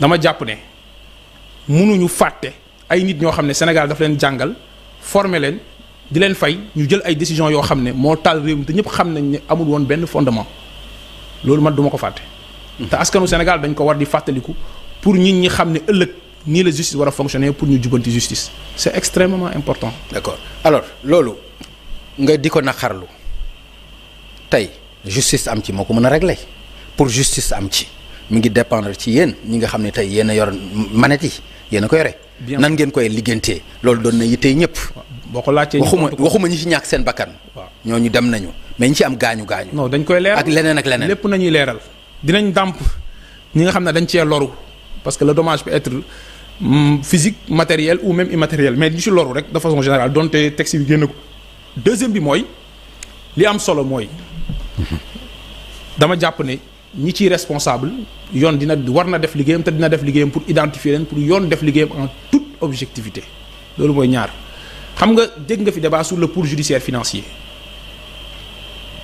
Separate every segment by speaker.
Speaker 1: dama jàpp ne mënuñu fàtte ay nit ñoo xam ne Sénégal dafa leen jàngal former leen di leen fay ñu jël ay décision yoo xam ne moo taal réew mi te ñëpp xam nañ ne amul woon benn fondement loolu man duma ko fàtte. te askanu Sénégal dañ ko war di fàttaliku pour nit ñi xam ne ëllëg nii la justice war a fonctionner pour ñu jubanti justice. c'est
Speaker 2: extrêmement important. d'accord alors loolu nga di ko naqarlu tey justice am ci moo ko mën a régler pour justice am ci. mi ngi dépendre ci yéen ñi nga xam ne tey yéen a yor manette yi yéen a ko yore. nan ngeen koy liggéentee loolu doon na yittee ñëpp. boo ko laajtee waxuma waxuma ñi ci ñàkk seen bakkan. waaw ñu dem nañu mais ñu ci am gaañu gaañu. non dañ koy leeral ak leneen ak leneen. lépp nañuy leeral dinañ dàmp ñi nga xam ne
Speaker 1: dañ ci cee loru parce que le dommage peut être physique matériel ou même immatériel mais ñi ci loru rek de façon donte texte bi génn ko. deuxième bi mooy li am solo mooy mhm. dama jàpp ne. ñi ciy responsable yoon dina war na def liggéeyam te dina def liggéeyam pour identifier leen pour yoon def liggéeyam en toute objectivité loolu mooy ñaar xam nga dégg nga fi débat sur le pôle judiciaire financier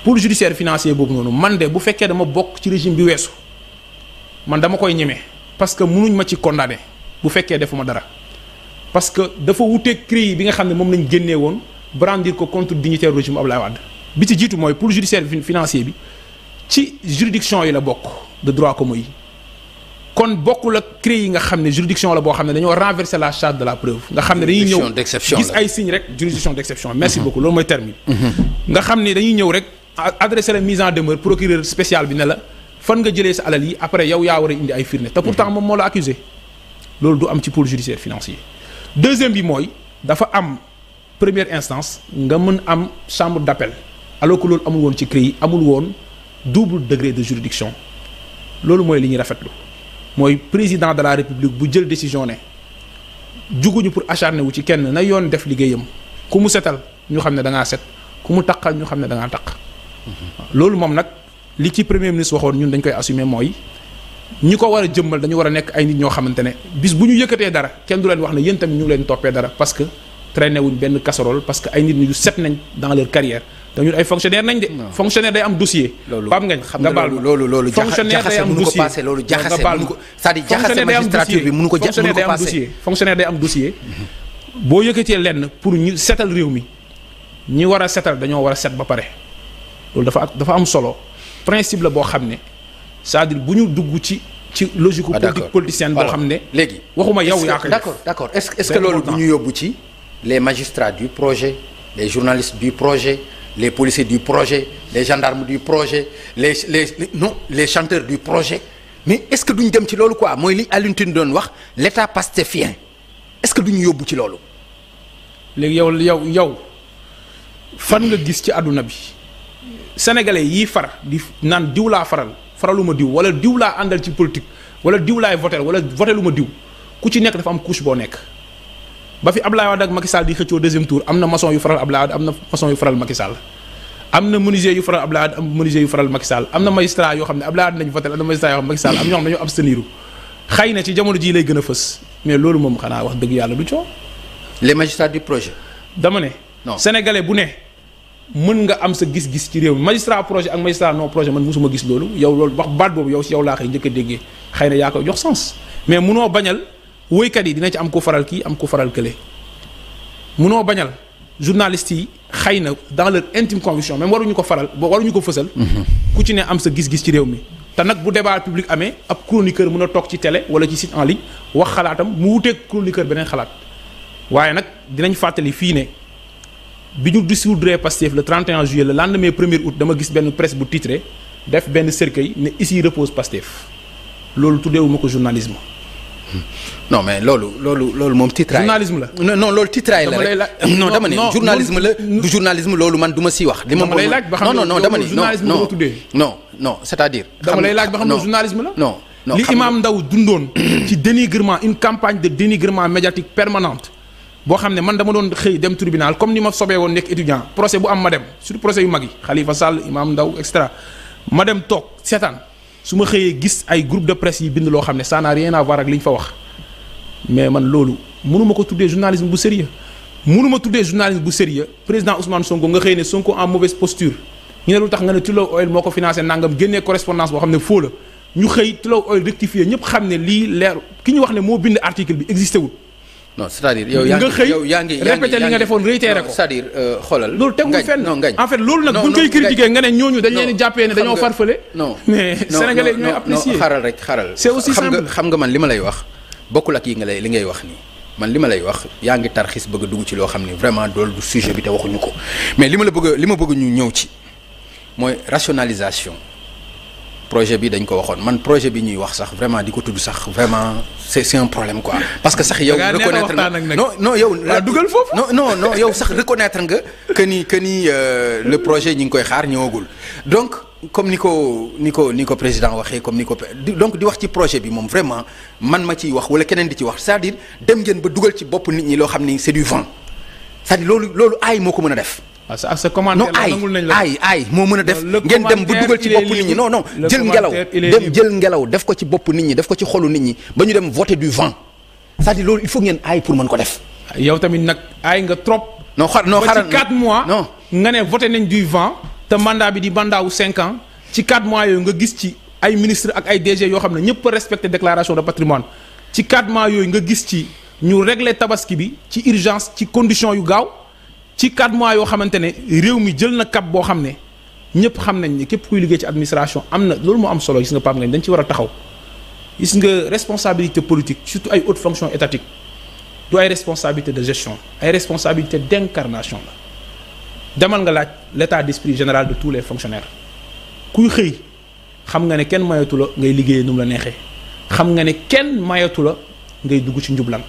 Speaker 1: pôle judiciaire financier boobu noonu man de bu fekkee dama bokk ci régime bi weesu man dama koy ñeme parce que mënuñ ma ci condamné bu fekkee defuma dara parce que dafa wuteeg CREI bi nga xam ne moom lañ génnee woon brandir ko contre dignitaire régime Abdoulaye Wade bi ci jiitu mooy pôle judiciaire financier bi ci juridiction yi la bokk de droit commun yi kon bokkul ak CREI yi nga xam ne juridiction la boo xam ne dañoo renverser la charge de la preuve nga xam ne dañuy ñëw gis ay signes rek juridiction d'exception merci mhm. beaucoup loolu mooy terme mhm. nga xam ne dañuy ñëw rek adresser la mise en demeure procureur spécial bi ne la fan nga jëlee sa alal yi après yow yaa war a indi ay firnde te pourtant mhm. moom moo la accusé loolu du am ci pôle judiciaire financier deuxième bi mooy dafa am première instance nga mën am chambre d'appel alors loolu amul ci CREI amul woon double degré de juridiction loolu mooy li ñuy rafetlu mooy président de la république bu jël décision ne juguñu pour acharné wu ci kenn na yoon def liggéeyam ku mu setal ñu xam ne da set ku mu taqal ñu xam ne da taq loolu moom nag li ci premier ministre waxoon ñun dañ koy assumer mooy ñi ko war a jëmmal dañu war a nekk ay nit ñoo xamante ne bis bu ñu yëkkatee dara kenn du leen wax ne yéen tamit ñu ngi leen toppee dara parce que traîné wuñ benn casserole parce que ay nit ñu set nañ dans leur carrière dañu ay fonctionnaire nañ de. fonctionnaire day am dossier. loolu Pape Ngagne nga baal ma loolu loolu jaxase jaxase mënu ko passé loolu jaxase mënu ko c'est-à-dire jaxase magistrature bi mënu ko jaxase mënu fonctionnaire day am dossier boo yëkkatee lenn pour ñu setal réew mi ñi war a setal dañoo war a set ba pare loolu dafa dafa am solo principe la boo xam ne c'est-à-dire bu ñu dugg ci. ci logique
Speaker 2: ah, politique politicienne boo xam ne. léegi waxuma yow yaa ko d'accord d'accord est-ce que loolu bu ñu yóbbu ci les magistrats du projet les journalistes du projet. les policiers du projet les gendarmes du projet les les, les non les chanteurs du projet mais est-ce que duñ dem ci loolu quoi mooy li Alioune doon wax l'état pastéfien est-ce que duñu yóbbu ci loolu. léegi yow yow yow fan nga gis ci àdduna bi
Speaker 1: sénégalais yii far di naan diw laa faral faraluma diw wala diw laa àndal ci politique wala diw votel voter wala voter lu ma diw ku ci nekk dafa am couche boo nekk. ba fi Abdoulaye Wade ak Macky Sall di xëccoo deuxième tour am na maçon yu faral Abdoulaye Wade am na maçon yu faral Macky am na menuisier yu faral Abdoulaye Wade am menuisier yu am na magistrat yoo xam ne Abdoulaye Wade nañu am na magistrat yoo xam ne am na ci jamono jii lay gën a mais loolu moom xanaa wax dëgg yàlla du coow. les magistrats du projet. dama ne. non sénégalais bu ne mën nga am sa gis-gis ci réew mi magistrat projet ak magistrat non projet man mosuma gis loolu yow loolu wax baat boobu yow si yow laa xëy njëkk a déggee xëy na yaa koy jox sens mais munoo bañal woykat yi dina ci am ko faral kii am ko faral kële munoo bañal journaliste yi xëy na dans leur intime conviction même waruñu ko faral ba waruñu ko fësal. Mhm. ku ci ne am sa gis-gis ci réew mi. te nag bu débat public amee ab chroniqueur mën a toog ci tele wala ci site en ligne wax xalaatam mu wuteeg chroniqueur beneen xalaat waaye nag dinañ fàttali fii ne bi ñu dissoudre Pastef le 31 juillet le lendemain 1er août dama gis benn presse bu titré def benn cercueil ne ici repose Pastef loolu tuddeewuma
Speaker 2: ko journalisme. non mais loolu loolu loolu moom titraay journalisme la non non loolu titraay la rek non dama ne journalisme la du journalisme loolu man du ma si wax li ma lay laaj ba xam non non dama lay laaj ba xam ne journalisme la non non li Imam Ndaw
Speaker 1: dundoon ci dénigrement une campagne de dénigrement médiatique permanente boo xam ne man dama doon xëy dem tribunal comme ni ma sobee woon nekk étudiant procès bu am ma dem surtout procès yu mag yi Khalifa Sall Imam Ndaw et ma dem toog seetaan su ma xëyee gis ay groupe de presse yi bind loo xam ne ça n'a rien à voir ak li fa wax mais man loolu mënuma ko tuddee journalisme bu sérieux mënuma tuddee journalisme bu sérieux président Ousmane Sonko nga xëy ne Sonko en mauvaise posture ñu ne lu tax nga ne Tullow Oil moo ko financé nangam génnee correspondance boo xam ne faux la ñu xëy Tullow Oil rectifié ñëpp xam ne lii leer ki ñu wax ne moo bind article bi existé wul
Speaker 2: non c'est-à-dire yow yaa ngi yow yaa ngi répété li defoon réitéré ko c'est-à-dire euh, xoolal. loolu tegul fenn non ngañ en fait loolu nag buñ koy critiquer nga ne ñooñu dañ leen jàppee ne dañoo farfale. non mais sénégalais ñooy apprécier xaral rek xaral. c'est aussi simple xam nga man li ma lay wax bokkul ak yi nga lay li ngay wax nii man li ma lay wax yaa ngi tarxis bëgg dugg ci loo xam ni vraiment dool du sujet bi te waxuñu ko mais li ma la bëgg li ma bëgg ñu ñëw ci mooy rationalisation projet bi dañ ko waxoon man projet bi ñuy wax sax vraiment di ko tudd sax vraiment c'est un problème quoi parce que sax yow reconnaître nga non non yow la dugal foofu non non non yow sax reconnaître nga que ni que ni euh, le projet ñu ngi koy xaar ñëwagul donc comme ni ko ni ko ni ko président waxee comme ni ko donc di wax ci projet bi moom vraiment man ma ci wax wala keneen di ci wax cest à dem ngeen ba dugal ci bopp nit ñi loo xam ni c'est du vent cest à loolu loolu aay moo ko mën a def ak ah, sa commentaire la nangul ay moo mën a def ngeen dem ba dugal ci bopp nit ñi non non jël ngelaw dem jël ngelaw def ko ci bopp nit ñi def ko ci xolu nit ñi ba ñu dem voter du vent cest à loolu il faut ngeen aay pour mën ko def. yow tamit nag
Speaker 1: aay nga trop. non xar non xaaral ci mois. nga ne voté nañ du vent. te mandat bi di mandat wu 5 ans ci 4 mois yooyu nga gis ci ay ministre ak ay DG yoo xam ne ñëpp respecté déclaration de patrimoine ci 4 mois yooyu nga gis ci ñu réglé tabaski bi ci urgence ci condition yu gaaw. ci 4 yoo xamante ne réew mi jël na cap boo xam ne ñëpp xam nañ ne képp kuy liggéey ci administration am na loolu moo am solo gis nga Pape Ngagne dañ ci war a taxaw gis nga responsabilité politique surtout ay haute fonction étatique du ay responsabilité de gestion ay responsabilité d'incarnation la demal nga laaj l'état d'esprit général de tous les fonctionnaires kuy xëy xam nga ne kenn mayatu ngay liggéeyee nu la neexee xam nga ne kenn mayatu la ngay dugg ci njublan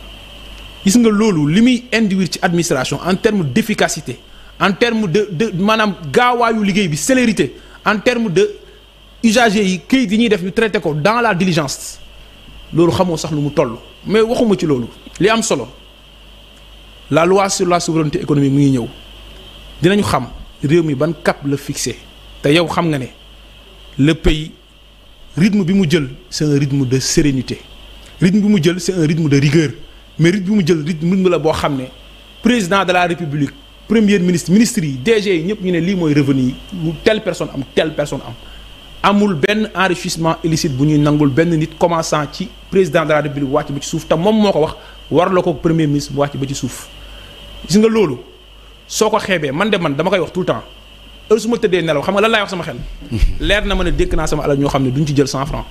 Speaker 1: gis nga loolu li muy induire ci administration en terme d' efficacité en terme de de maanaam gaawaayu liggéey bi célérité en terme de usagers yi këyit yi ñuy def ñu traité ko dans la diligence loolu xamoo sax lu mu toll mais waxuma ci loolu li am solo la loi la souveraineté économie mu ngi ñëw dinañu xam réew mi ban cap la fixé te yow xam nga ne le pays rythme bi mu jël c'est un rythme de sérénité rythme bi mu jël c'est un rythme de rigueur mais rythme bi mu jël rythme mu la boo xam ne président de la république premier ministre ministre yi DG yi ñëpp ñu ne lii mooy revenu yi lu personne am telle personne am amul benn enrichissement illicite bu ñuy nangul benn nit commençant ci président de la république wàcc ba ci suuf te moom moo ko wax war la ko premier ministre bu wàcc ba ci suuf gis nga loolu soo ko xeebee man de man dama koy wax tout temps heure su ma tëddee nelaw xam nga lan laay wax leer na ma ne dékk naa sama alal ñoo xam ne duñ ci jël cent franc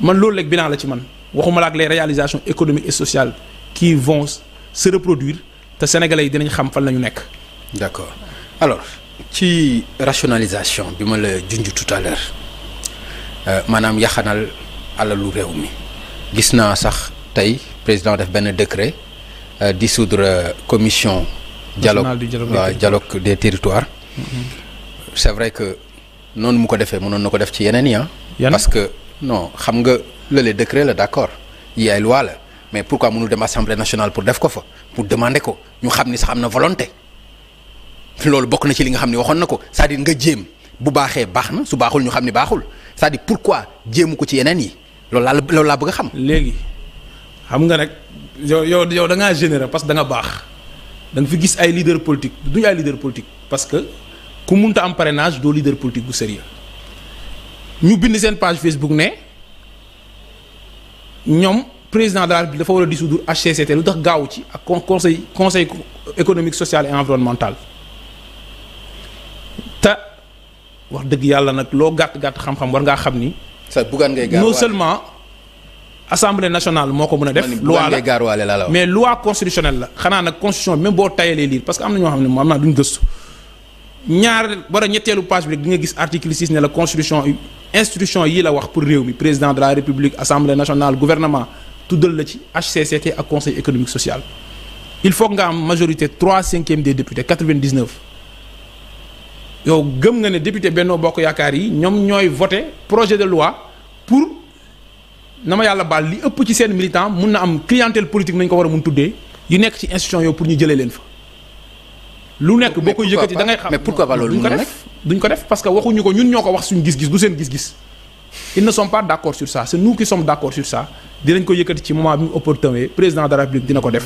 Speaker 1: man loolu rek bilan la ci man waxuma la ak les réalisations économiques et sociales qui vont se reproduire te sénégalais yi dinañ xam fan la ñu nekk.
Speaker 2: d' accord alors ci rationalisation bi ma la junj tout à l'heure euh, maanaam yaxanal alalu réew mi gis naa sax tey président def benn euh, di soudre euh, commission. dialogue waaw dialogue des territoires. Mm-hmm. est vrai que noonu mu ko defee mënoon na ko def ci yeneen yi ah. parce non xam nga. lële décret la d'accord yaay loi la mais pourquoi mënul dem assemblée nationale pour def ko fa pour demander ko ñu xam ni sax am na volonté loolu bokk na ci li nga xam ni waxoon na ko cest nga jéem bu baaxee baax na su baaxul ñu xam ni baaxul c'est-à-dire pourquoi ko ci yeneen yi loolu laa loolu laa bëgg a xam. léegi xam nga nag yow yow yow da ngaa généreux parce que da nga baax
Speaker 1: danga fi gis ay leader politique duñu ay leader politique parce que ku munta am parrainage doo leader politique bu sérieux ñu bind seen page Facebook ne. ñoom président daal bi dafa war a dissoudre HCCT lu tax gaaw ci ak conseil conseil économique social et environnemental te wax dëgg yàlla nag loo gàtt gàtt xam-xam war ngaa xam ni. sa bugaan seulement assemblée nationale moo ko mën a def. loi la mais loi constitutionnelle la xanaa nag constitution même boo tayalee lire parce que am na ñoo xam ne moom naa duñ gëstu. ñaar war a ñetteelu page bi di nga gis article 6 ne la constitution institution yi la wax pour réew mi président de la république assemblée nationale gouvernement tuddal la ci HCCT ak conseil économique social il faut nga am majorité trois cinquième des députés 99 yow gëm nga ne député Benno Bokk Yaakaar yi ñoom ñooy voté projet de loi pour na ma yàlla baal li ëpp ci seen militant mun na am clientèle politique nañ ko war a mun tuddee yu nekk ci institution pour ñu jëlee leen fa lu nekk boo koy yëkkati da ngay xam mais pourquoi pas loolu duñ ko def duñ ko def parce que waxuñu ko ñun ñoo ko wax suñu gis-gis du seen gis-gis ils ne sont pas d' accord sur ça c' est nous qui sommes d' accord sur ça dinañ ko yëkkati ci moment bi mu opportun président de la République dina ko def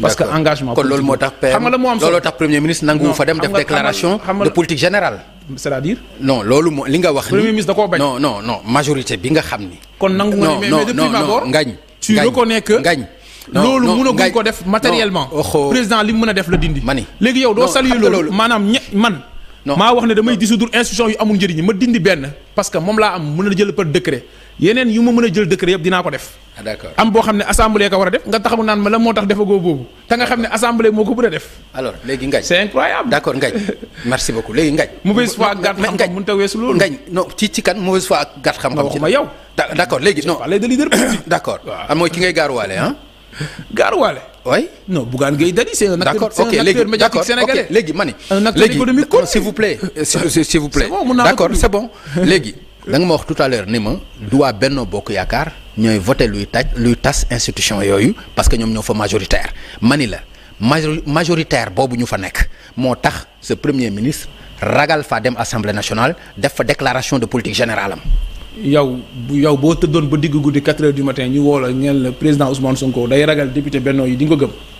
Speaker 1: parce que engagement kon loolu moo tax xam nga la moo am looloo tax premier
Speaker 2: ministre nangu fa dem def déclaration de politique générale c'est-à-dire non loolu moo li nga wax ni premier ministre da koo bañ non non non majorité bi nga xam ni kon nangu nga mais depuis ma ngañ tu reconnais que ngañ loolu mënaguñ ko def matériellement président
Speaker 1: li mu mën a def la dindi mani léegi yow doo saluer loolu maanaam ñe man maa wax ne damay dissoudre institution yu amul njëriñ ma dindi benn parce que moom laa am mën a jël par décret yeneen yu ma mën a jël décret yëpp dinaa ko def ah, d'accord am boo xam ne assemblée ko war a def nga taxamu naan ma la moo tax defagoo boobu te nga xam ne assemblée
Speaker 2: moo ko bëgg a def alors léegi Ngagne c'est incroyable d'accord Ngagne merci léegi Ngagne mauvaise foi ak gàtt xam-xam mënut a weesu loolu Ngagne non ci ci kan mauvaise foi ak gàtt yow d'accord léegi non parler de leader politique d'accord ah, mooy ki ngay gaaruwaale ah gaaruwaale. oui non Bougane buggaan Dany c'est un acteur c'est un acteur médiatique sénégalais léegi ma ni. un acteur économique court s'il vous plaît. s'il vous plaît d'accord léegi. da nga ma wax tout à l'heure ni ma du waa Benno Bokk Yaakaar ñooy voté luy taj luy tas institution yooyu parce que ñoom ñoo fa majoritaire ma ni la majoritaire boobu ñu fa nekk moo tax ce premier ministre ragal fa dem assemblée nationale def fa déclaration de politique générale am.
Speaker 1: yow yow boo tëddoon ba digg guddi 4 heures du matin ñu woo la ñeel la président Ousmane Sonko day ragal député Benno yi di ko gëm.